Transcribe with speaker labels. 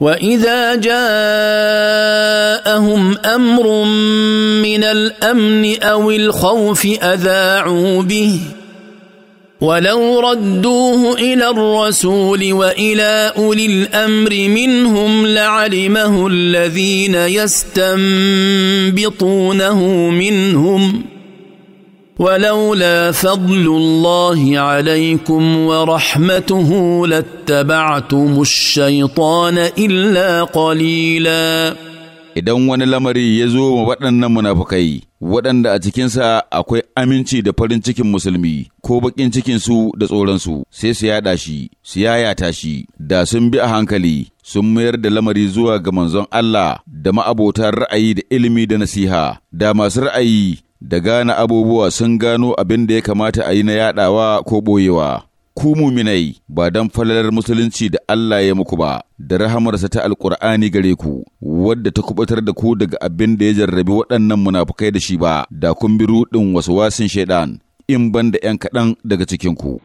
Speaker 1: واذا جاءهم امر من الامن او الخوف اذاعوا به ولو ردوه الى الرسول والى اولي الامر منهم لعلمه الذين يستنبطونه منهم ولولا فضل الله عليكم ورحمته لاتبعتم الشيطان
Speaker 2: الا قليلا idan wani lamari ya zo wa waɗannan munafukai waɗanda a cikinsa akwai aminci da farin cikin musulmi ko baƙin cikinsu da tsoronsu sai su yaɗa shi su yayata shi da sun bi a hankali sun mayar da lamari zuwa ga manzon Allah da ma'abotan ra'ayi da ilimi da nasiha da masu ra'ayi da gane abubuwa sun gano abin da ya kamata a yi na yaɗawa ko ɓoyewa. Ku muminai ba don falalar musulunci da Allah ya muku ba, da rahamarsa ta Alƙur'ani gare ku, wadda ta kubutar da ku daga abin da ya jarrabi waɗannan munafukai da shi ba, da kun bi ruɗin wasu wasin shaidan, in ban da ’yan kaɗan daga cikinku.